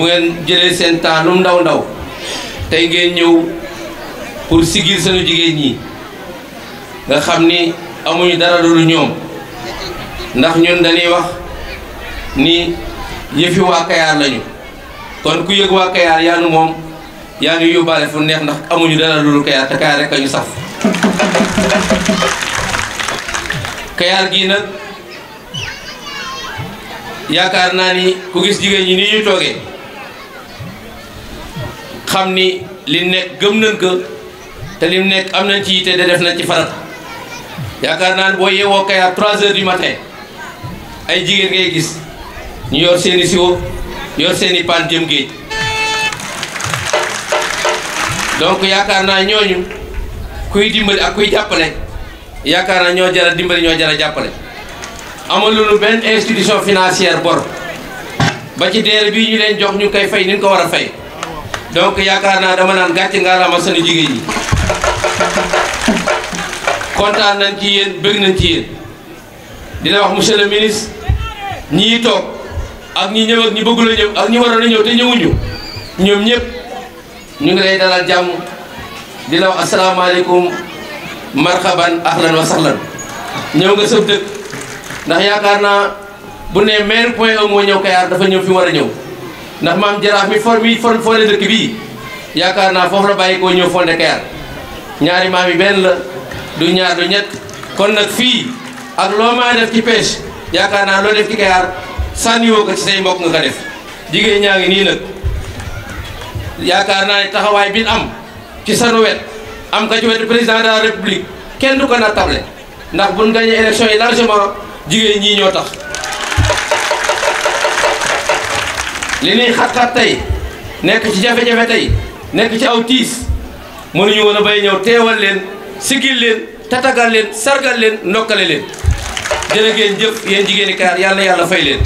bu ngeen jëlee seen temps lu ndaw ndaw tey ngeen ñëw pour sigil sunu jigéen ñi nga xam ni amuñu dara lu ñoom ndax ñun dañuy wax ni yëfi waa Kayaar lañu kon ku yëg waa Kayaar yaa nu moom yaa nu yóbbaale fu neex ndax amuñu dara lu Kayaar te Kayaar rek a ñu saf Kayaar gii nag yaakaar naa ni ku gis jigéen ñi nii ñu toogee xam ni li nekk gëm nañ te lim nekk am nañ ci yitte def nañ ci farat yaakaar naa ne boo yeewoo Kayar trois heures du matin ay jigéen ngay gis ñu yor seeni siwo yor seeni paan jëm géej donc yaakaar naa ñooñu kuy dimbali ak kuy jàppale yaakaar naa ñoo jara dimbali ñoo jara jàppale amaluñu benn institution financière bor ba ci DER bii ñu leen jox ñu koy fay ni ko war a fay donc yaakaar naa dama naan gàcce ngaalaama seen jigéen ñi kontaan nañ ci yéen bëgg nañ ci yéen dina wax monsieur le ministre ñii toog ak ñii ñëw ak ñi bëggul a ñëw ak ñi waroon a ñëw te ñëwuñu ñoom ñëpp ñu ngi lay dalal jàmm di la wax asalaamaaleykum marhaban ahlan wa sahlan ñëw nga sëb dëkk ndax yaakaar naa bu ne maire point 1 e moo ñëw Kayar dafa ñëw fi mu war a ñëw. ndax maam jaraaf mi for mi for foole dëkk bii yaakaar naa foofu la bàyyi koo ñëw fonde Kayar ñaari maam yi benn la du ñaar du ñett kon nag fii ak loo maa def ci pêche yaakaar naa loo def ci Kayar sànniwoo ko ci say mbokk nga ko def jigéen ñaa ngi nii nag yaakaar naa ne taxawaay bi am ci sanu wet am ka ci wetu président de la république kenn du ko nattable ndax buñ gagné élection yi largement jigéen ñii ñoo tax li ñuy xat-xat tey nekk ci jafe-jafe tey nekk ci aw tiis mënuñu woon a bay ñëw teewal leen sigil leen tatagal leen sargal leen ndokkale leen jërë ngeen jëf yéen jigéeni Kaar yàlla yàlla fay leen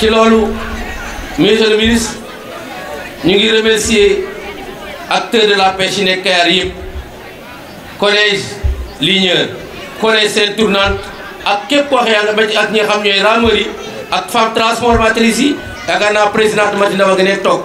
ci loolu monsieur le ministre ñu ngi remercier acteurs de la pêche yi nekk Kaar yëpp collège ligneur collège Seine Tournante ak képp koo xam yàlla ba ci ak ñi xam ñooy rameur yi ak femme transformatrice yi yaakaar naa présidente Matinda ma nga ne toog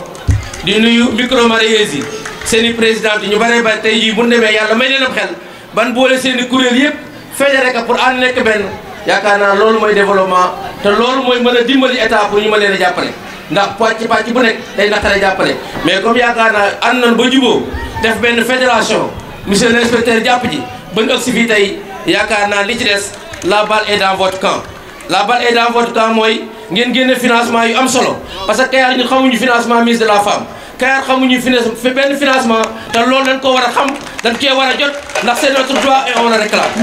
di nuyu micro mareyeurs yi seen i présidente ñu bëree bëri tey jii bu ñu demee yàlla may leen xel ban boole seen i kuréel yëpp feeñe rek pour ànd nekk benn yaakaar naa loolu mooy développement te loolu mooy mën a dimbali état pour ñu mën leen a jàppale ndax pàcc pàcc bu nekk day naqare jàppale mais comme yaakaar naa ànd nañ ba juboo def benn fédération monsieur l'inspecteur jàpp ji ba ñu ëgg si fii naa li ci des la balle est dans votre camp la balle est dans votre camp mooy ngeen génne financement yu am solo parce que Kayar ñu xamuñu financement ministre de la femme Kayar xamuñu fi benn financement te loolu dañ ko war a xam dañ cee war a jot ndax c'est notre droit et on le réclame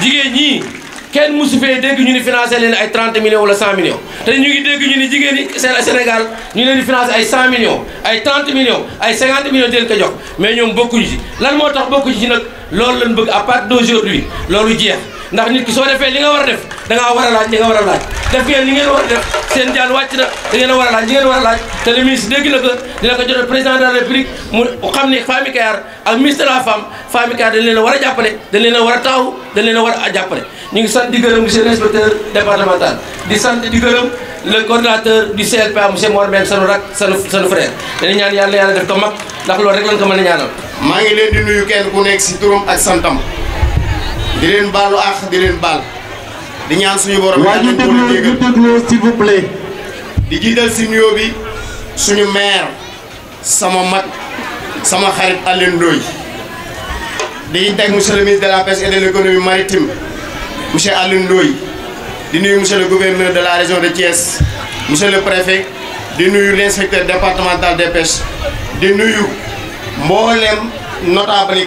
jigéen ñu ni financé leen ay 30 millions wala 100 millions te ñu ngi dégg ñu ni jigéen Sénégal ñu leen di financé ay 100 millions ay 30 millions ay 50 millions di leen ko jox mais ñoom bokkuñu ci lan moo tax bokkuñu ci nag loolu lañ bëgg à partir d'aujourd'hui loolu ndax nit soo defee li nga war a def da war a laaj li war a laaj def ngeen li ngeen war a def seen jaan wàcc na da ngeen a war a laaj li ngeen war a laaj te le ministre dégg na ko dina ko jotal président de la république mu xam ne Femme Kayar ak ministre de la femme Femme Kayar dañ leen war a jàppale dañ leen a war a taaw dañ leen war a jàppale ñu ngi sant di gërëm monsieur l'inspecteur départemental di sant di gërëm le coordinateur du CLPA monsieur Mor Mbène sanu rak sanu sanu frère dañu ñaan yàlla yàlla def ko mag ndax loolu rek ko mën a ñaanal maa ngi leen di nuyu kenn ku nekk si turam ak santam di leen baalu àq di leen baal. di ñaan suñu borom yàlla nañ ko déglu s'il vous plaît. di jiital si nuyoo bi suñu maire sama mag sama xarit Alioune di teg monsieur le ministre de la pêche et de l' économie maritime monsieur Alioune Ndoye di nuyu monsieur le gouverneur de la région de Thiès monsieur le préfet di nuyu l' inspecteur départemental des pêches di nuyu mboolem notable yi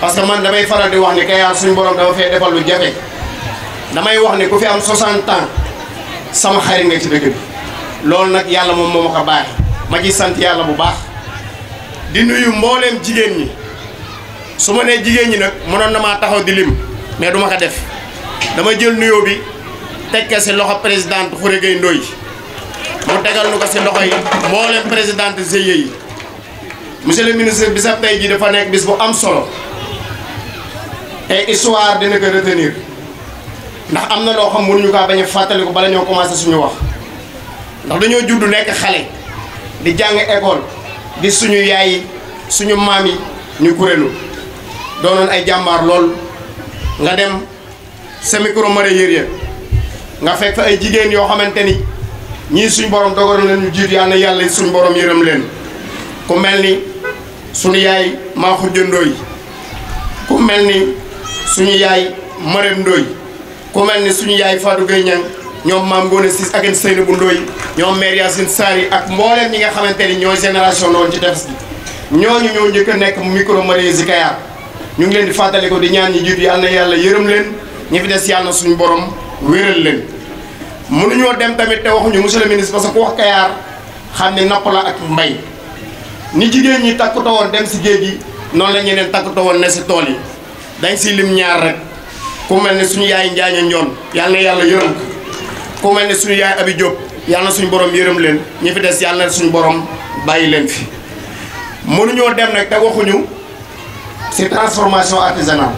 parce que man damay faral di wax ni Kayar suñu borom dama fee defal lu jafe damay wax ni ku fi am 60 ans sama xarit nga ci dëkk bi loolu nag yàlla moom moo ma ko baaxe ma ci sant yàlla bu baax di nuyu mbooleem jigéen ñi su ma nee jigéen ñi nag mënoon na maa taxaw di lim mais duma ko def dama jël nuyoo bi teg ko si loxo présidente Khouré Gueye Ndoye mu tegal nu ko si loxo yi mbooleem présidente GIE yi monsieur le ministre bi sa tey ji dafa nekk bis bu am solo. et histoire dina ko retenir ndax am na loo xam mënuñu kaa bañ a fàttaliku bala ñoo commencé suñu wax ndax dañoo judd nekk xale di jàng école di suñu yaay suñu maam yi ñu kuréelu doonoon ay jàmbaar lool nga dem sa micro mareyeur ya nga fekk fa ay jigéen yoo xamante ni ñii suñu borom dogal nañu jiitu yal na yàlla suñu borom yërëm leen ku mel ni suñu yaay maa xujjandoo yi ku mel ni. suñu yaay Marème Ndoye ku mel ni suñu yaay Fatou Gueye Niang ñoom maam Ngoone Ciss ak Seynabou Ndoye ñoom mère Yacine Sary ak mbooleem ñi nga xamante ni ñoo génération noonu ci tefes gi ñooñu ñoo njëkk nekk micro maraichers yi Kayar ñu ngi leen di fàttali di ñaan ñi jiitu yàlla na yàlla yërëm leen ñi fi des yàlla suñu borom wéral leen. mënuñoo dem tamit te waxuñu monsieur le ministre parce que ku wax Kayar xam ne napp la ak mbay ni jigéen ñi takkutoo woon dem si géej gi noonu la ñeneen takkutoo woon ne si tool yi. dañ si lim ñaar rek ku mel ni suñu yaay njaaña njoon yàlla na yàlla yërëm ku mel ne suñu yaay abi Diop yàlla na suñu borom yërëm leen ñi fi des yàlla na suñu borom bàyyi leen fi mënuñoo dem nag te waxuñu si transformation artisanale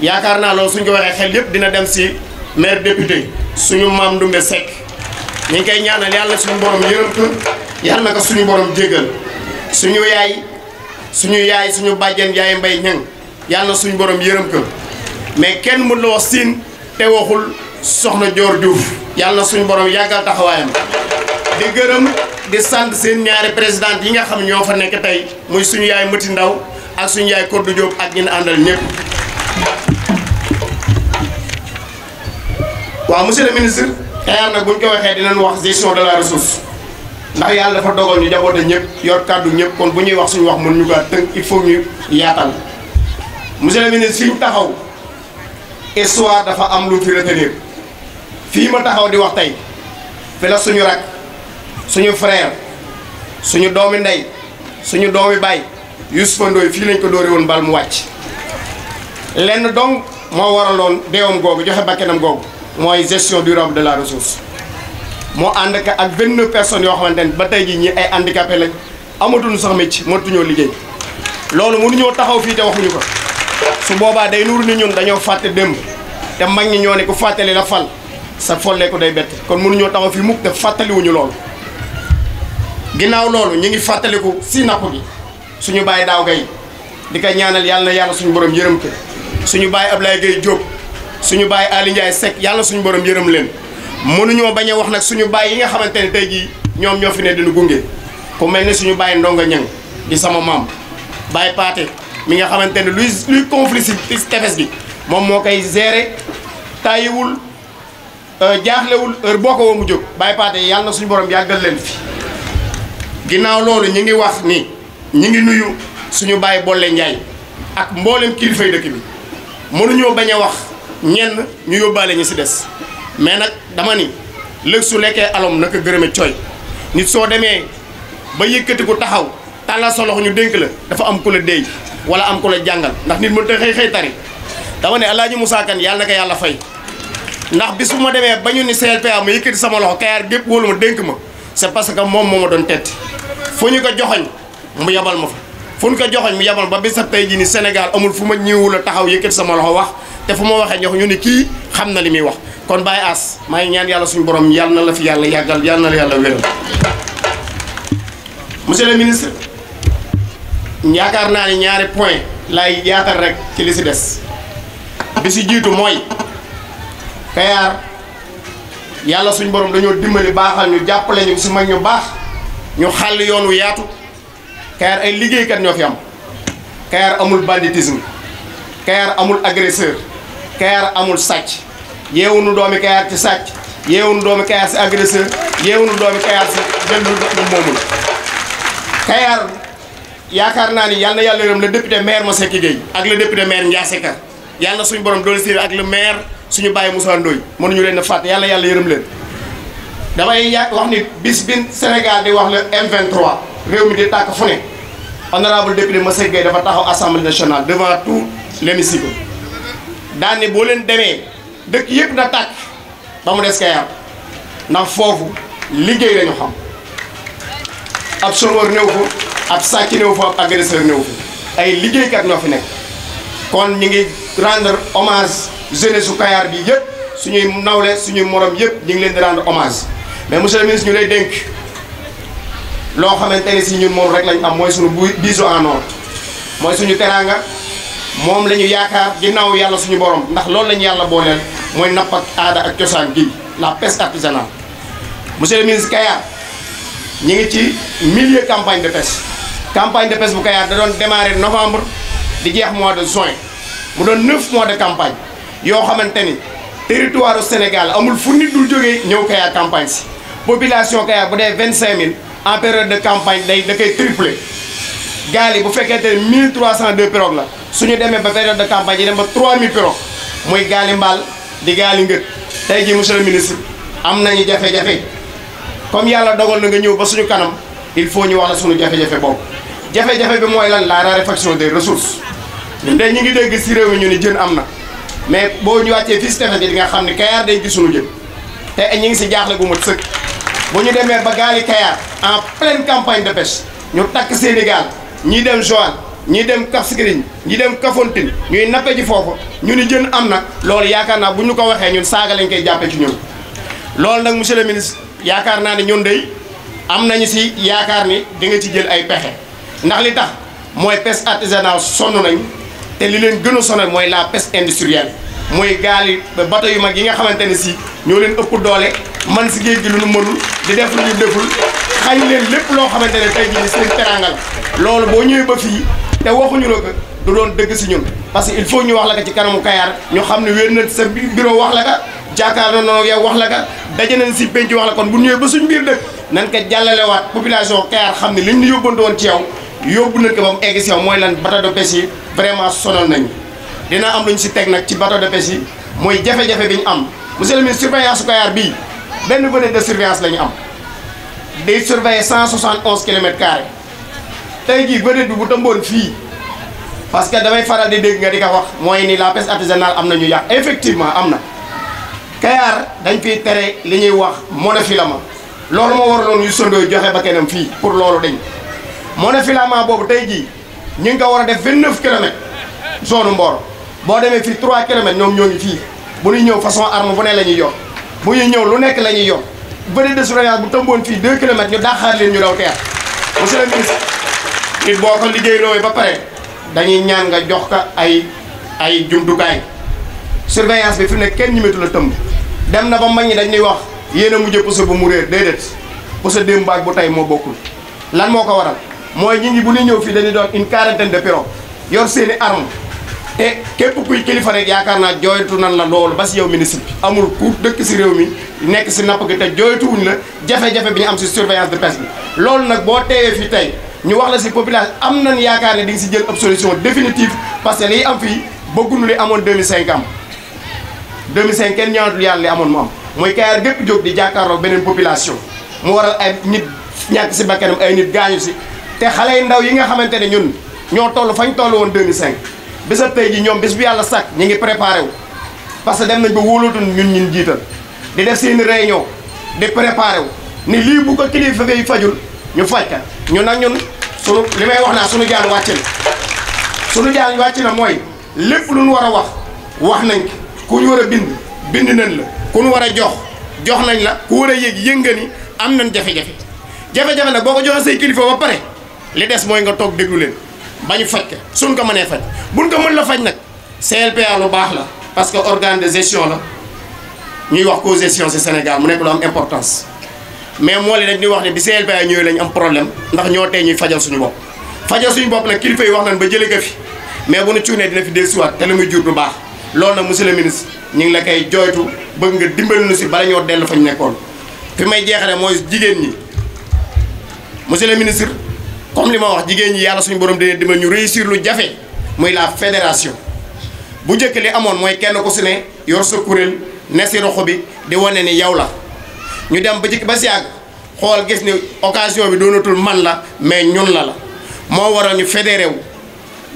yaakaar naa loolu suñ ko waxee xel yëpp dina dem si maire député suñu maam Ndumbe Seck ñu ngi koy ñaanal yàlla suñu borom yërëm ko yàlla na ko suñu borom jéggal suñu yaay suñu yaay suñu bàjjen yaay mbay ñang yàlla na suñ boroom yërëm ko mais kenn mën la wax siin te waxul soxna joor Diouf yàlla na suñ borom yàggal taxawaayam di gërëm di sant seen ñaari présidente yi nga xam ñoo fa nekk tey muy suñu yaay Mati Ndaw ak suñu yaay Koddu ak ñi àndal ñëpp. waaw monsieur le ministre xëy na buñ ko waxee dinañ wax gestion de la ressource ndax yàlla dafa dogal ñu jaboote ñëpp yor kàddu ñëpp kon bu ñuy wax suñu wax mën ñu ko tënk il faut ñu yaatal. monsieur le ministre fi mu taxaw histoire dafa am lu fi retenir fii ma taxaw di wax tey fi la suñu rak suñu frère suñu doomi ndey suñu doomi baay Youssoufa Ndoye fii lañ ko dóore woon bal mu wàcc lenn dong moo waraloon deewam googu joxe bakkanam googu mooy gestion durable de la ressource moo ànd ak ak vingt neuf personnes yoo xamante ne ba tey jii ñii ay handicapé lañ amatuñu sax métier mënatuñoo liggéey loolu mënuñoo taxaw fii te waxuñu ko su boobaa day nuuru ni ñun dañoo fàtte démb te mag ñi ñoo ne ku fàttali la fal sa folleeku day bett kon mënuñoo taxaw fi mukk te fàttaliwuñu loolu ginnaaw loolu ñu ngi fàttaliku si napp gi suñu bàyyi daaw gay di ko ñaanal yàlla na yàlla suñu borom yërëm ko suñu bàyyi Ablaye Gueye Diop suñu bàyyi Ali Ndiaye yàlla suñu borom yërëm leen mënuñoo bañ a wax nag suñu bàyyi yi nga xamante ne tey jii ñoom ñoo fi ne dinu gunge ku mel ni suñu bàyyi ndongo ñang di sama maam mi nga xamante ne luy luy conflit si tefes gi moom moo koy gérer tàyyiwul euh, jaaxlewul heure boo ko woo jóg bàyyi paate yàlla suñu borom yàggal leen fi ginnaaw loolu ñi ngi wax ni ñi ngi nuyu suñu bàyyi bolle njaay ak mboolem kilifay dëkk bi mënuñoo bañ a wax ñenn ñu yóbbaale ñu si des mais nag dama ni lëg su lekkee aloom naka gërëme cooy nit soo demee ba yëkkati ku taxaw tàllal sa ñu dénk la dafa am ku la déy wala am ko la jàngal ndax nit mënut a xëy xëy tari dama ne Alaaji Moussa Kane yàlla na ko yàlla fay ndax bis bu ma demee ba ñu ni CLPA ma yëkkati sama loxo Kayaar gépp wóolu ma dénk ma c'est parce que moom moo ma doon tetti fu ñu ko joxoñ mu yabal ma fa ko joxoñ mu yabal ba bis sa tey jii ni Sénégal amul fu ma ñëwul a taxaw yëkkati sama loxo wax te fu ma waxee ñox ñu ni kii xam na li muy wax kon baay As maa ngi ñaan yàlla suñu borom yàlla na la fi yàlla yàggal yàlla na la yàlla wéral monsieur le ministre yaakaar naa ni ñaari point lay yaatal rek ci li si des bi si jiitu mooy Kayaar yàlla suñu borom dañoo dimbali baaxal ñu jàppale ñu su mag ñu baax ñu xàll yoon wu yaatu Kayaar ay liggéeykat ñoo fi am Kayaar amul banditisme Kayaar amul agresseur Kayaar amul sàcc yeewuñu doomi Kayaar ci sàcc yeewuñu doomi Kayaar si agresseur yeewuñu doomi Kayaar si jël moomul Kayaar yaakaar naa ni yal na yàlla yërëm le député maire Moussa Gueye ak le député maire Ndiassé Ka yal suñu borom doole si ak le maire suñu bàyyi musaan Ndoye mënuñu leen a fàtte yal na yàlla yërëm leen. damay ya wax ni bis bin Sénégal di wax le M23 réew mi di tàkk fu ne honorable ma Moussa Gueye dafa taxaw assemblée nationale devant tout l'hémicycle daan ne boo leen demee dëkk yëpp na tàkk ba mu des Kayar ndax foofu liggéey lañu xam ab chômeur ab sàcc néew fa ab agresseur néew fa ay liggéeykat ñoo fi nekk kon ñu ngi rendre hommage jeunesse su Kayar bii yëpp suñuy nawle suñuy morom yëpp ñu ngi leen di rendre hommage mais monsieur le ministre ñu lay dénk loo xamante ne si ñun moom rek lañ am mooy suñu bu biso en or mooy suñu teraanga moom la ñu yaakaar ginnaaw yàlla suñu borom ndax loolu lañu ñu yàlla booleel mooy napp ak aada ak cosaan gi la pêche artisanale monsieur le ministre Kayar ñu ngi ci milieu campagne de pêche. campagne de pêche bu Kayar da doon démarrer novembre di jeex mois de juin mu doon neuf mois de campagne yoo xamante ni territoire du Sénégal amul fu nit dul jógee ñëw Kayar campagne si population Kayar bu dee vingt cinq mille en période de campagne day da koy triplé gaal bu fekkente ne mille trois cent deux pirogues la suñu demee ba période de campagne yi dem ba trois mille pirogues muy gaali mbaal di gaali ngët tey jii monsieur le ministre am nañu jafe-jafe comme yàlla dogal na nga ñëw ba suñu kanam il faut ñu wax la suñu jafe boobu jafe-jafe bi mooy lan la raréfaction des ressources ñun de ñu ngi dégg si réew mi ñu ni jën am na mais boo ñu wàccee fii si tefes gi nga xam ni Kayar day gis suñu jën te ñu ngi si jaaxle gu mat sëkk boo ñu demee ba gaali Kayar en pleine campagne de pêche ñu takk Sénégal ñi dem Joal ñi dem Cap Skirring ñi dem Kafountine ñuy nappe ji foofu ñu ni jën am na loolu yaakaar naa bu ñu ko waxee ñun saaga lañ koy jàppe ci ñun loolu nag monsieur le ministre yaakaar naa ne ñun de am nañu si yaakaar ni di nga ci jël ay pexe ndax li tax mooy pêche artisanale sonn nañ te li leen gën a sonal mooy la pêche industrielle mooy gaal yi bato yu mag yi nga xamante ne si ñoo leen ëpp doole man si géej gi lu nu mënul di def lu ñu deful xañ leen lépp loo xamante ne tey jii seen teranga la loolu boo ñëwee ba fii te waxuñu la ko du doon dëgg si ñun parce que il faut ñu wax la ko ci kanamu Kayar ñu xam ne wér na sa bureau wax la ka jàkkaarloo noonu yow wax la ka daje nañ si penc w la kon bu ñëwee ba suñ biir dëkk nan jàllalewaat population Kayar xam ne liñ ñu yóbbantu woon ci yow yóbbu nañ ko ba mu egg si mooy lan bateau de pêche yi vraiment sonal nañu dina am lu ñu si teg nag ci bateau de pêche yi mooy jafe-jafe bi ñu am monsieur le ministre surveillance Kayar bii benn volet de surveillance la ñu am day surveiller 171 kilomètres carrés tey jii volet bi bu tëmboon fii parce que damay faral di dégg nga di ka wax mooy nii la pêche artisanale am nañu ñu effectivement am na Kayar dañ fiy tere li ñuy wax monofilament loolu moo waraloon yu sondoo joxe ba kenam fii pour loolu dañ. moo ne monofilament boobu tey jii ñu ngi ko war a def 29 kilomètres zone mboor boo demee fi 3 kilomètres ñoom ñoo ngi fii bu ñuy ñëw façon arme bu ne la ñuy yor bu ñuy ñëw lu nekk la ñuy yor bëri de surveillance bu tëmboon fii 2 kilomètres ñu daaxaar leen ñu daw teer monsieur le ministre boo ko liggéey looyu ba pare dañuy ñaan nga jox ka ay ay jumtukaay surveillance bi fu nekk kenn ñu métu la tëmb dem na ba mag ñi dañuy wax yéen a mujjee puso bu mu réer déedéet puso démb ak tey moo bokkul lan moo ko waral mooy ñi ngi bu ñu ñëw fii dañuy doon une quarantaine de pirogues yor seeni i armes te képp kuy kilifa rek yaakaar naa jooytu nan la loolu ba si yow ministre bi amul ku dëkk si réew mi nekk si napp gi te jooytuwuñ na jafe-jafe bi ñu am si surveillance de pêche bi loolu nag boo teewee fi tey ñu wax la si population am nan yaakaar ne di ngi si jël ab solution définitive parce que liy am fii bëgguñu li amoon 2005 am 2005 kenn ñaanatul yàlla li amoon mu mooy Kayar gépp jóg di jàkkaarloo beneen population mu waral ay nit ñàkk si bakkanam ay nit gaañu si te xale yu ndaw yi nga xamante ne ñun ñoo toll fañ toll woon 2005 bésab tey ji ñoom bés bu yàlla sàkk ñu ngi préparé wu parce que dem nañ ba wóolootuñ ñun ñun jiital di def seen réunion di préparé wu ni lii bu ko kilifa yi fajul ñu faj ka ñun nag ñun sunu li may wax naa sunu jaan wàcc na sunu jaan wàcc na mooy lépp lu ñu war a wax wax nañ ku ñu war a bind bind nañ la ku ñu war a jox jox nañ la ku war a yëg yëngani am nañ jafe-jafe jafe-jafe nag boo ko joxee say kilifa ba pare li des mooy nga toog déglu leen bañu faj ka suñ ko mënee faj buñ ko mën la faj nag CLPA lu baax la parce que organe de gestion la ñuy wax ko gestion ci Sénégal mu nekk lu am importance mais moo li dañ ñuy wax ne bi CLPA ñëwee lañ am problème ndax ñoo tey ñuy fajal suñu bopp fajal suñu bopp nag kilifa yi wax nañ ba jëlee ko fi mais bu nu cuunee dina fi dellusiwaat te lu jur du baax loolu nag monsieur le ministre ñu ngi la koy jooytu bëgg nga dimbali nu si bala ñoo dellu fa ñu nekkoon fi may jeexale mooy jigéen ñi monsieur le ministre comme li ma wax jigéen ñi yàlla suñu borom de dimbal ñu réussir lu jafe muy la fédération bu njëkk li amoon mooy kenn ku si ne yor sa kuréel ne si roxo bi di wane ni yow la ñu dem ba jëkk ba si yàgg xool gis ni occasion bi doonatul man la mais ñun la la moo waral ñu fédéré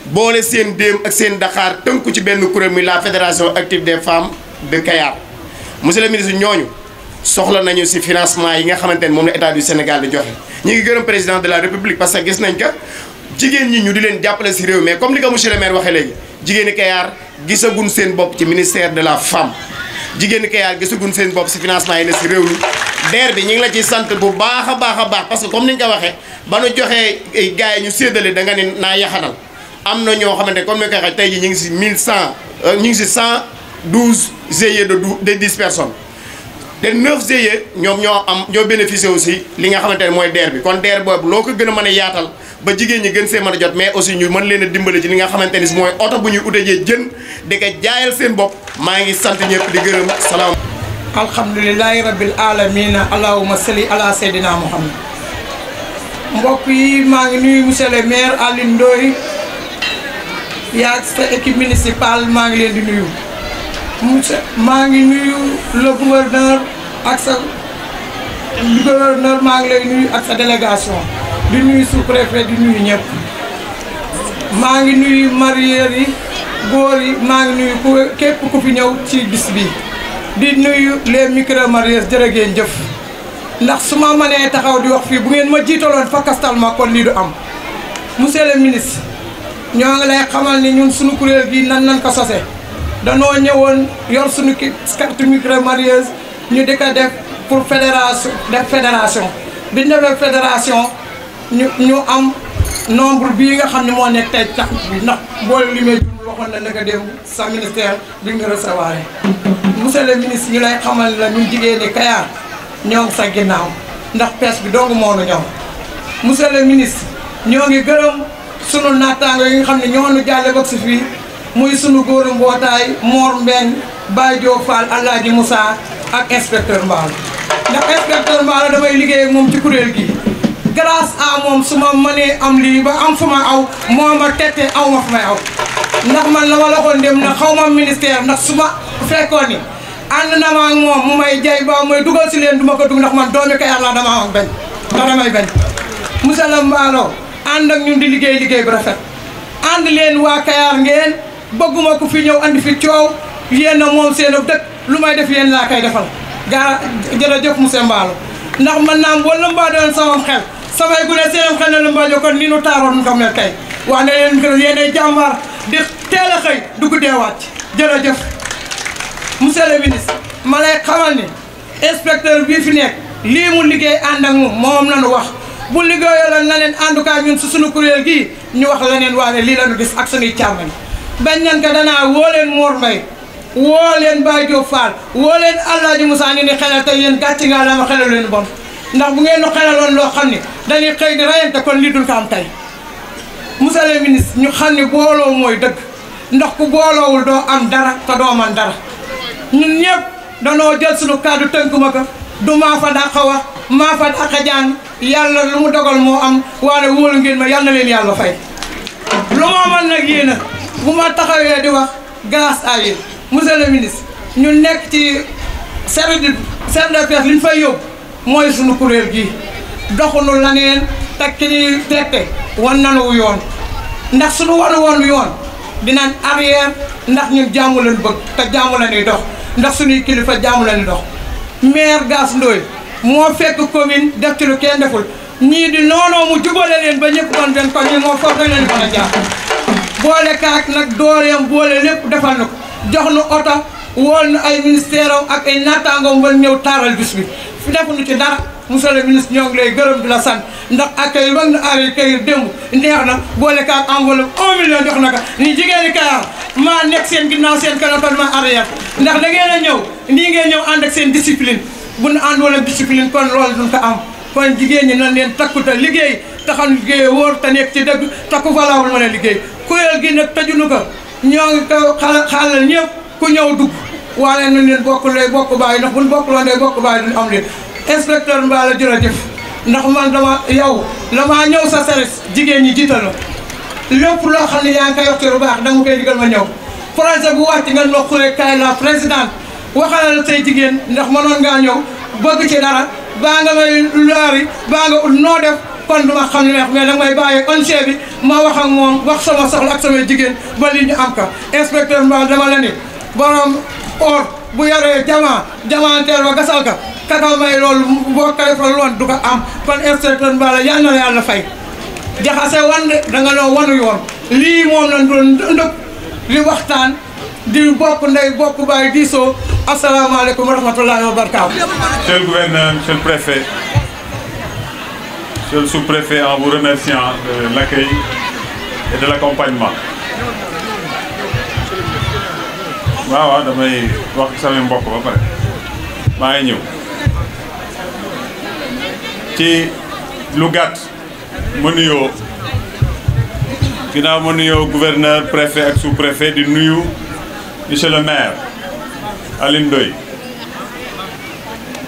boole seen déem ak seen Dakar tënku ci benn kuréel muy la fédération active des femmes de Kayar monsieur le ministre ñooñu. soxla nañu si financement yi nga xamante ne moom la état du Sénégal di joxe ñu ngi gërëm président de la république parce que gis nañ que jigéen ñi ñu di leen jàppale si réew mais comme li ko monsieur le maire waxee léegi seen bopp ci ministère de la femme jigéen ñi Kayar gisaguñ seen bopp si financement yi ne si réew mi DER bi ñu ngi la ciy sant bu baax a baax a baax parce que comme ni ñu ko waxee ba nu joxee gars yi ñu séddale da nga ne naa yaxanal am na ñoo xamante comme ni ko tey jii ñu ngi si 1100 euh, ñu ngi si cent 112 GIE de 10 personnes. te 9 GIE ñoom ñoo am ñoo bénéficié si li nga xamante ne mooy DER bi kon deer boobu loo ko gën a mën a yaatal ba jigéen ñi gën see man a jot mais aussi ñu mën leen a dimbale ci li nga xamante ni mooy oto bu ñuy utejee jën di jaayal seen bopp maa ngi sant ñëpp di gërëm salaam. alhamdulilahi rabbil alamina allahuma salli ala seydina muhammad mbokk yi maa ngi nuyu monsieur le maire Alioune Ndoye yaa sa équipe municipale maa ngi leen di nuyu monsieur maa ngi nuyu le gouverneur ak sa li gouverneur maa ngi lay nuyu ak sa délégation di nuyu sous-préfet di nuyu ñëpp maa ngi nuyu mareyeur yi góor yi maa ngi nuyu képp ku fi ñëw ci bis bi di nuyu les micro mareyeurs jërë ngeen jëf ndax su ma mënee taxaw di wax fii bu ngeen ma jiitaloon fakastal ma kon lii du am monsieur le ministre ñoo ngi lay xamal ni ñun suñu kuréel gi nan nan ko danoo ñëwoon yor suñu carte micro mareyeurs ñu di ko def pour fédération def fédération bi ñu defee fédération ñu ñu am nombre bii nga xam ne moo nekk tey tax bi ndax boole li may na naka dem sa ministère bi nga recevoir monsieur le ministre ñu lay xamal la ñun jigéen ñi Kayar ñoo ngi sa ginnaaw ndax pêche bi dong moo nu ñoom monsieur le ministre ñoo ngi gërëm sunu naataango yi nga xam ne ñoo nu jàlle ko si fii muy sunu góoru mbootaay moor Mbeng Baye Diop Fall Alaaji Moussa ak inspecteur Mballo ndax inspecteur Mballo damay liggéey moom ci kuréel gi grâce à moom suma ma am lii ba am fu ma aw moo ma tette aw ma fu aw ndax man la ma la ko dem na xaw ma ministère ndax suma ma fekkoon ni na ma moom mu may jay ba may dugal si leen duma ma ko dugg ndax man doomi Kayar laa dama am bañ ndax damay bañ monsieur le Mballo ànd ñun di liggéey liggéey bu rafet ànd leen waa Kayar ngeen bëgguma ko fi ñëw and fi coow yéen a moom seen dëkk. lu may def yéen laa koy defal jaa jërëjëf monsieur Mballo ndax man naam wala mbaa doon samam xel samay gune seenam xel ne la mbaa kon nu taaroon nu ko mel kay wax ne leen ko yéen ay jàmbaar di teel a xëy du guddee wàcc jërëjëf monsieur le ministre ma lay xamal ni inspecteur bii fi nekk lii mu liggéey ànd ak moom moom la ñu wax bu liggéeyoo la na leen en tout cas ñun su suñu kuréel gii ñu wax la neen waa lii la ñu gis ak suñuy càmmañ bañ nan ko danaa woo leen Mor woo leen Baye Diop Fall woo leen Alaaji Moussa ngeen di xelal tey yéen gàcce ngaa la ma bon ndax bu ngeen nu xelaloon loo xam ne dañuy xëy di rayante kon lii dul ko am tey monsieur le ministre ñu xam ne booloo mooy dëgg ndax ku booloowul doo am dara te doo dara ñun ñëpp danoo jël suñu kàddu tënk ma ko du maa fa dàqa wax maa fa dàqa jàng yàlla lu mu dogal moo am waaye wóolu ngeen ma yàlla na leen yàlla fay lu ma mën nag yéen a ma taxawee di wax grâce à monsieur le ministre ñu nekk ci service de service de pêche li ñu fay yóbbu mooy suñu kuréel gi doxunu laneen takk ni tette wan nanu yoon ndax su suñu wan woon yoon di dinañ arrière ndax ñun jàmm lañ bëgg te jàmm lañuy dox ndax suñuy kilifa jàmm lañuy dox maire Gass Ndoye moo fekk commune def ci lu kenn deful ñii di noonoo mu jubale leen ba ñëpp doon benn ko ñi moo foog leen mën a boole kaak nag dooleem boole lépp defal na ko jox nu oto wool nu ay ministère ak ay naataangoom wala ñëw taaral bis bi fi defuñu ci dara monsieur le ministre ñoo ngi lay gërëm di la sant ndax accueil ba nga aaree këyit démb neex na boole kaat enveloppe 1 million jox na ko ni jigéen ñi Kayar maa nekk seen ginnaaw seen kanam fan maa arrière ndax da ngeen a ñëw nii ngeen ñëw ànd seen discipline bu nu ànd wala discipline kon loolu duñ ko am kon jigéen ñi nan leen takku te liggéey taxan liggéey wóor te nekk ci dëgg takku valable mën a liggéey kuréel gi nag tëjuñu ko. ñoo ngi ko xaalal ñëpp ku ñëw dugg waaye na leen bokk lay bokk bàyyi ndax buñ bokk loon day bokk bàyyi duñ am leen inspecteur mbaa la jërëjëf ndax man dama yow damaa ñëw sa seres jigéen ñi jiital la lépp loo xam ni yaa ngi koy ci lu baax danga koy digal ma ñëw projet bu wàcc nga ma xure kaay la président waxalal say jigéen ndax mënoon ngaa ñëw bëgg ci dara baa nga may laari baa nga ut noo def kon du ma xam ne wax mais nag may bàyyi ak ONG bi ma wax ak moom wax sama soxla ak sama jigéen ba li ñu am ka inspecteur Mbaye dama la ne borom or bu yoree jamaa jamaanteer wa gasal ka kaka may loolu boo koy fa loon du ko am kon inspecteur Mbaye la na yàlla fay jaxase wan de da noo wanu lii moom lañ doon ndëpp li waxtaan di bokk ndey bokk baay diisoo asalaamaaleykum wa rahmatullahi wa barakaatu. monsieur le gouverneur monsieur Monsieur le sous-préfet, en vous remerciant de l'accueil de l'accompagnement. waaw damay wax sama mbokk ba pare maa ngi ñëw ci lu gàtt ma nuyoo ginnaaw ma nuyoo gouverneur préfet ak sous-préfet di nuyu monsieur le maire Alioune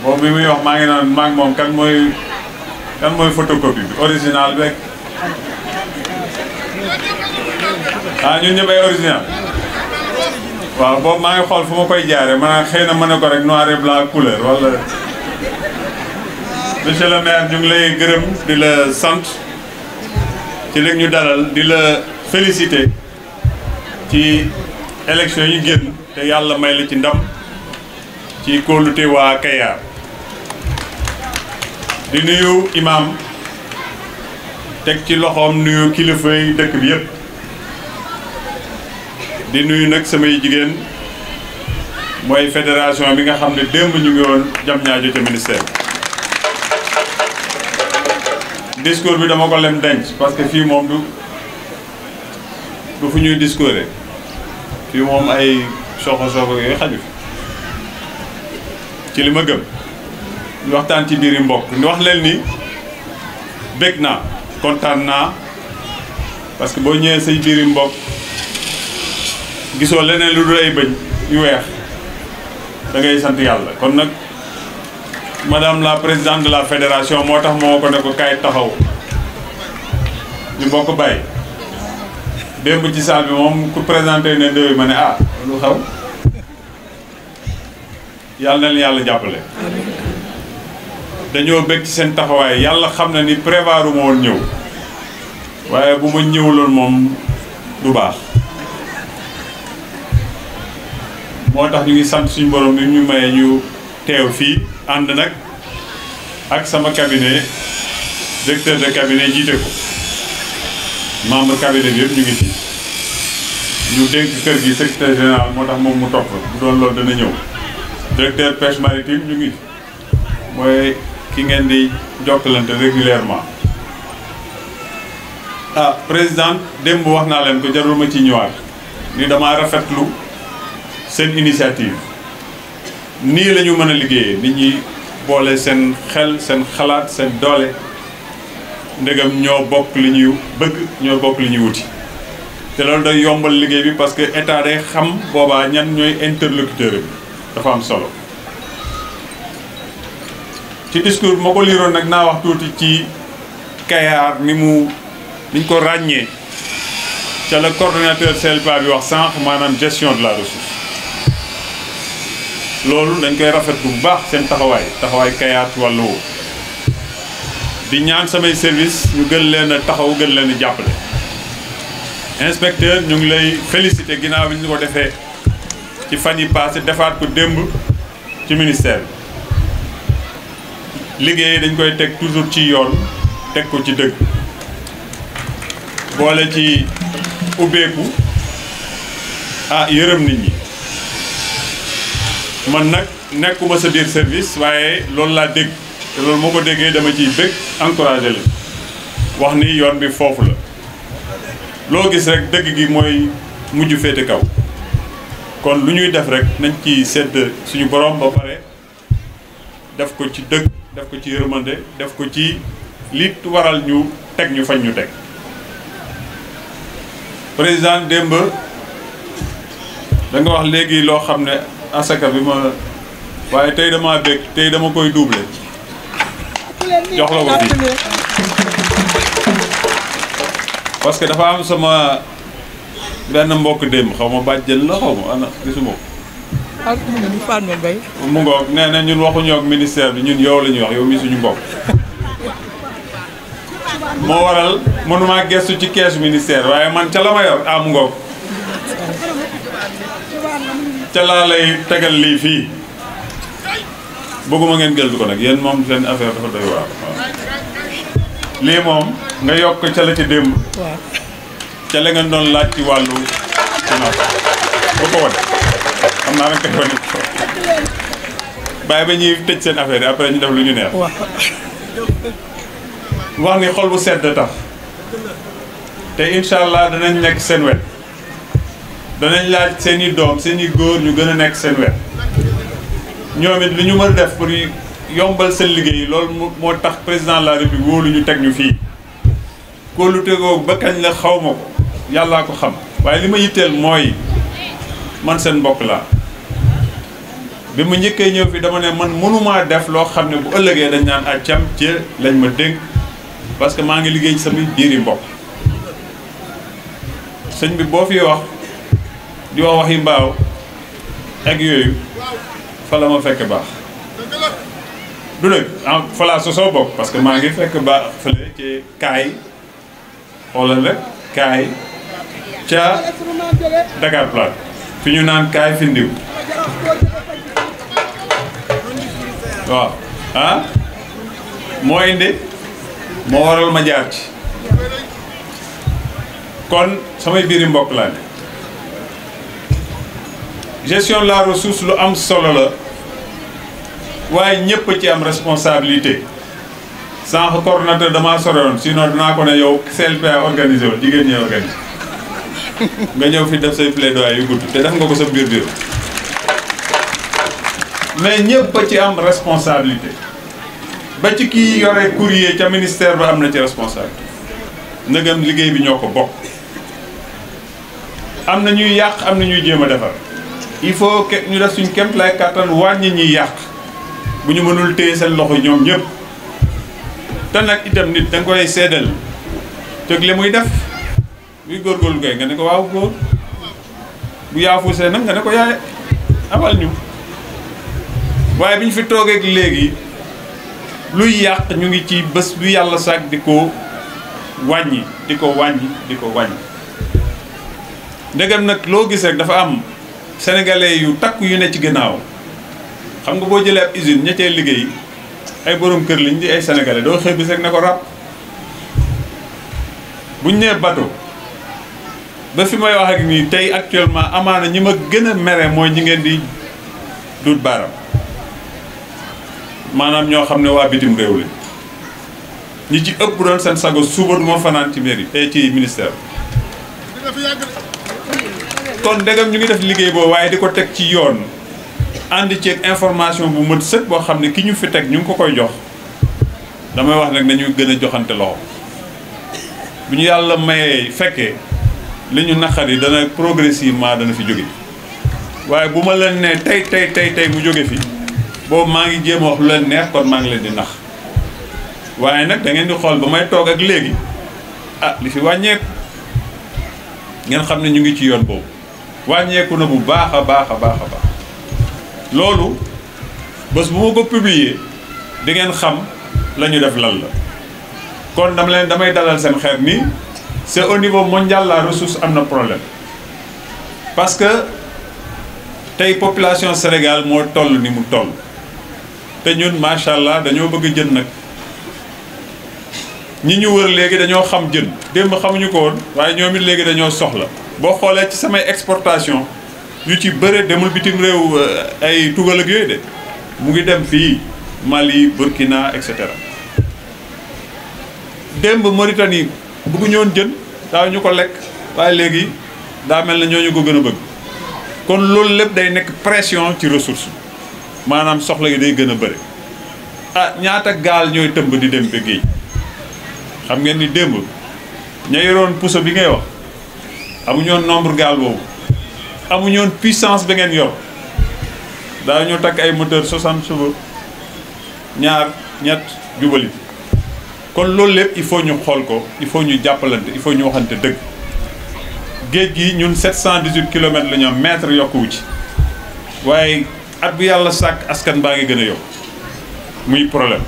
boobu bi muy wax maa ngi naan maa moom kan mooy. kan mooy photocopie bi original beeg ah ñun ñëpp ay original waaw boobu maa ngi xool fu ma koy jaaree ma xëy na mën a ko rek noir et blanc couleur wala monsieur le maire ñu ngi lay gërëm di la sant ci léegi ñu dalal di la félicité ci élection yi génn te yàlla may la ci ndam ci kóolute waa Kayar. di nuyu imaam teg ci loxoom nuyu kilifay dëkk bi yépp di nuyu nag samay jigéen mooy fédération bi nga xam ne démb ñu ngi woon jam ca ministère discours bi dama ko lem denc parce que fii moom du du fu ñuy discouré fii moom ay soxo soxo yooyu xaju ci li ma gëm ñu waxtaan ci mbiri mbokk ñu wax leen ni bég naa kontaan naa parce que boo ñëwee say mbiri mbokk gisoo leneen lu dul bëñ yu weex dangay sant yàlla kon nag madame la présidente de la fédération moo tax moo ko ne ko kaay taxaw ñu bokk bàyyi démb ci salle bi moom ku présenté ne ndëwee ma ne ah lu xaw yàlla na leen yàlla jàppale dañoo bëgg ci seen taxawaay yàlla xam na ni prévoir ma woon ñëw waaye bu ma ñëwuloon moom du baax moo tax ñu ngi sant suñu boroom bi ñu maye ñu teew fii ànd nag ak sama cabinet directeur de cabinet jiite ko membre cabinet bi yëpp ñu ngi fi ñu dénk kër gi secrétaire général moo tax moom mu topp bu doon loolu dana ñëw directeur pêche maritime ñu ngi mooy ki ngeen di jokkalante régulièrement ah président démb wax naa leen ko jarul ma ci ñëwaat ni damaa rafetlu seen initiative nii la ñu mën a liggéeyee nit ñi boole seen xel seen xalaat seen doole ndegam ñoo bokk li ñuy bëgg ñoo bokk li ñuy wuti te loolu day yombal liggéey bi parce que état day xam boobaa ñan ñooy interlocuteur bi dafa am solo ci discours bi ma ko liiroon nag naa wax tuuti ci Kayar ni mu niñ ko ràññee ca la coordinateur CLPA bi wax sànq maanaam gestion de la ressource loolu dañ koy rafet bu baax seen taxawaay taxawaay kayaar ci wàllu di ñaan samay service ñu gën leen taxaw gën leen a jàppale inspecteur ñu ngi lay félicité ginnaaw bi ñu ko defee ci fan yi passé defaat ko démb ci ministère bi liggéey dañ koy teg toujours ci yoon teg ko ci dëgg boole ci ubbeeku ah yërëm nit ñi man nag nekkuma sa biir service waaye loolu laa dégg te loolu moo ko déggee dama ciy bëgg encouragé la wax ni yoon bi foofu la loo gis rek dëgg gi mooy mujj féete kaw kon lu ñuy def rek nañ ci sedd suñu borom ba pare def ko ci dëgg def ko ci yërmande def ko ci li waral ñu teg ñu fañ ñu teg président démb da nga wax léegi loo xam ne asaka bi ma waaye tey dama bég tey dama koy doublé jox la ko fii parce que dafa am sama benn mbokk démb xaw ma bàjjen la xaw ma ana gisuma ko ak ñun Fatma Mbaye. mu ngoog nee ñun waxuñoo ministère bi ñun yow la ñuy wax yow mi suñu mbokk. moo waral mënuma gëstu ci keesu ministère waaye man ca la ma yor ah ngoog. ca laa lay tegal lii fii. bëgguma ngeen gëldu ko nag yéen moom seen affaire dafa doy waaw. lii moom nga yokk ca la ca démb. ca la ngeen doon laaj ci wàllu semence ko wane. xam naa nag tegoon nañu ba ñuy tëj seen afeer yi après ñu def lu ñu neex. wax ni xol bu sedd tax te incha allah danañ nekk seen wet danañ laaj seen i doom seen i góor ñu gën a nekk seen wet ñoom it lu ñu mën def pour yombal seen liggéey loolu moo tax président de la république wóolu ñu teg ñu fii kóolu tegoo ba kañ la xaw ma ko yàllaa ko xam waaye li ma yitteel mooy. man seen mbokk laa bi mu njëkkee ñëw fii dama ne man mënumaa def loo xam ne bu ëllëgee dañ naan ak cam ci lañ ma dénk parce que maa ngi liggéey ci samay biiri mbokk sëñ bi boo fi wax di wax waxi mbaaw ak yooyu fa la ma fekk baax du nag ah, fa laa sosoo bokk parce que maa ngi fekk baax fële ci kaay xoolal rek kaay ca Dakar Plateau fi ñu naan kaay findiw waaw ah moo indi moo waral ma jaar ci kon samay biiri mbokk laa ne gestion de la lu am solo la waaye ñëpp ci am responsabilité sànq coordonnateur damaa sore woon sinon dinaa ko ne yow CLPA organisé wul jigéen ñi organisé nga ñëw fi def say plaidoyer yu gudd te def nga ko sa biir biir mais ñëpp a ci am responsabilité ba ci kii yore courrier ca ministère ba am na ci responsabilité ndegam liggéey bi ñoo ko bokk am na ñuy yàq am na ñuy jéem a defar il faut que ñu def suñ kemt lay kàttan wàññi ñuy yàq bu ñu mënul téye seen loxo ñoom ñëpp te nag itam nit da koy seddal te li muy def buy góorgóorlu kay nga ne ko waaw góor bu yaafuusee nag nga ne ko yaay amal ñu waaye bi ñu fi toogeeg léegi luy yàq ñu ngi ci bës bu yàlla sàkk di ko wàññi di ko wàññi di ko wàññi ndegam nag loo gis dafa am sénégalais yu takk yu ne ci gannaaw xam nga boo jëlee ab usine ñettee liggéey ay boroom kër lañ di ay sénégalais doo xëy bis ne ko ràpp buñ nee bateau ba fi may wax ak nii tey actuellement amaana ñi ma gën a mere mooy ñi ngeen di duut baaram maanaam ñoo xam ne waa bitim réew la ñi ci ëpp doon seen sago suba du ma fanaan ci mairie et eh, ci ministère kon ndegam ñu ngi def liggéey boobu waaye di ko teg ci yoon ànd ceeg information bu mët sëkk boo xam ne ki ñu fi teg ñu ngi ko koy jox damay wax nag nañu gën a joxante loxo bu ñu yàlla mayee fekkee li ñu naqari dana progressivement dana fi jóge waaye bu ma leen nee tey tey tey tey mu jóge fi boobu maa ngi jéem wax lu leen neex kon maa ngi leen di nax waaye nag dangeen di xool ba may toog ak léegi ah li fi wàññeeku ngeen xam ne ñu ngi ci yoon boobu wàññeeku na bu baax a baax a baax a baax loolu bés bu ma ko publier di ngeen xam la def lan la kon dama leen damay dalal seen xeet nii c'est au niveau mondial la ressource am na problème parce que tey population Sénégal moo toll ni mu toll te ñun macha allah dañoo bëgg jën nag ñi ñu wër léegi dañoo xam jën démb xamuñu ko woon waaye ñoom it léegi dañoo soxla boo xoolee ci samay exportation yu ci bëre demul bitim réew euh, ay tugal ak yooyu de mu ngi dem fii Mali Burkina et cetera démb Mauritanie bëggu ñoon jën daaw ñu ko lekk waaye léegi daa mel na ñooñu ko gën a bëgg kon loolu lépp day nekk pression ci ressource maanaam soxla yi day gën a bëri ah ñaata gaal ñooy tëmb di dem ba géej xam ngeen ni démb ña yoroon puso bi ngay wax amuñoon nombre gaal boobu amuñoon puissance bi ngeen yor daa ñoo takk ay moteur 60 chevaux ñaar ñett jubali kon loolu lépp il faut ñu xool ko il faut ñu jàppalante il faut ñu waxante dëgg géej gi ñun 718 kilomètres la ñu am mètre yokkuwu ci waaye at bu yàlla sàkk askan baa ngi gën a yokk muy problème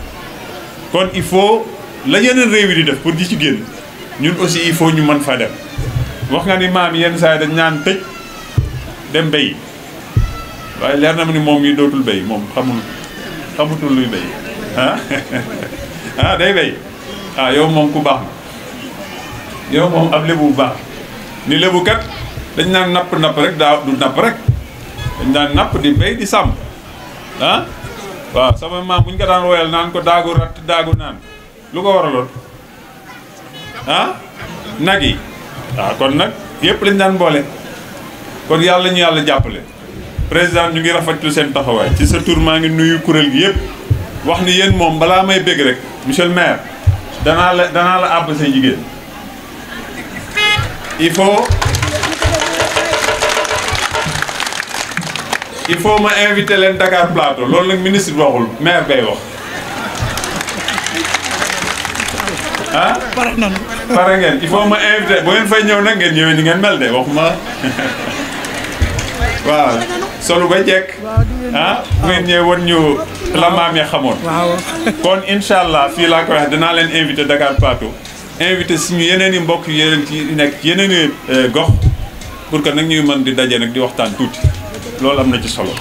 kon il faut la yeneen réew yi di def pour di ci génn ñun aussi il faut ñu mën faa dem wax nga ni maam yenn saa yi dañ naan tëj dem béy waaye leer na ma ni moom yi dootul béy moom xamul xamutul luy béy ah? ah day béy ah yow moom ku baax la yow moom ab lébu bu baax ni lébu kat dañ naan napp napp rek daa du napp rek dañ naan napp di béy di sàmm ah waaw sama maam bu ko daan woyal naan ko daagu ratt daagu naan lu ko waraloon ah nag yi waaw ah, kon nag yëpp dañ daan mboole kon yàlla ñu yàlla jàppale président ñu ngi rafetlu seen taxawaay ci sa tur maa ngi nuyu kuréel gi yëpp wax ni yéen moom balaa may bégg rek monsieur le maire danaa la danaa la àbb say jigéen il faut il faut ma invité leen Dakar Plateau loolu nag ministre waxul maire bay wax ah pare nañu pare ngeen il faut ma invité bu ngeen fay ñëw nag ngeen ñëwee ni ngeen mel de waxuma waaw solo ba jekk ah ngeen ñëwee woon ñu la maam ya xamoon kon incha allah fii laa koy wax dinaa leen invité Dakar Plateau invité suñu yeneen i mbokk yeneen ci nekk yeneen i eh, gox pour que nag ñuy mën di daje nag di waxtaan tuuti loolu am na ci solo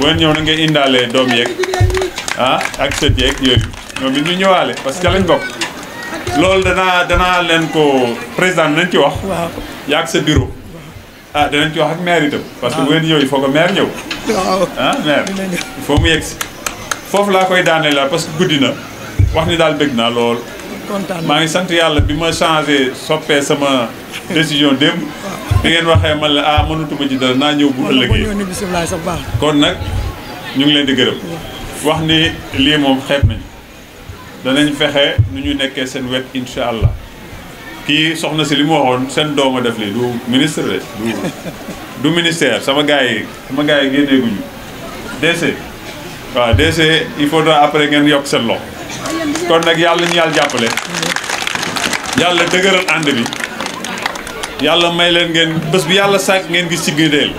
boo ñëw na nga indaale doom yéeg ah ak sët yeeg yooyu ñoom it ñu ñëwaale parce que lañ bokk loolu danaa danaa leen ko président nañ ci wax yaag sa bureau ah danañ ci wax ak maire itam. parce que bu ngeen ñëw il faut que maire ñëw. ah maire il mu yegg si. foofu laa koy daanee la parce que guddi na wax ni daal bëgg naa lool. maa ngi sant yàlla bi ma changé soppee sama décision démb. bi ngeen waxee man la ah mënatuma ci dara naa ñëw bu ëllëg ëllëgee. kon nag ñu ngi leen di gërëm. wax ni lii moom xeeb nañu. danañ fexe nu ñu nekkee seen wet incha allah. kii soxna si li mu waxoon seen dooma def lii du ministre de du du ministère sama gars yi sama gars yi génneeguñu DC waaw DC il faudra après ngeen yokk seen loxo kon nag yàlla ñu yàlla jàppale yàlla dëgëral ànd bi yàlla may leen ngeen bés bi yàlla sàkk ngeen gis ci gideel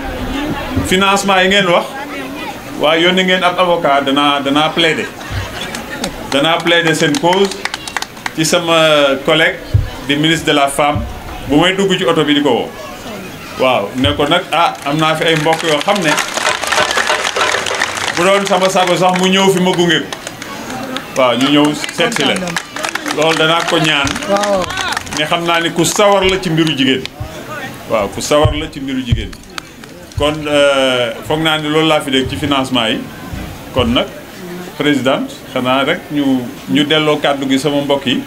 financement yi ngeen wax waaye yónni ngeen ab avocat danaa danaa plaider danaa plaider seen cause ci sama collègue di ministre de la femme bu may dugg ci oto bi di ko woo waaw ne ko nag ah am naa fi ay mbokk yoo xam ne bu doon sama sago sax mu ñëw fi ma gunge waaw ñu ñëw seet si leen loolu danaa ko ñaan ne xam naa ni ku sawar la ci mbiru jigéen waaw ku sawar la ci mbiru jigéen kon euh, foog naa ni loolu laa fi dégg ci financement yi kon nag président xanaa rek ñu ñu delloo kàddu gi sama mbokk yi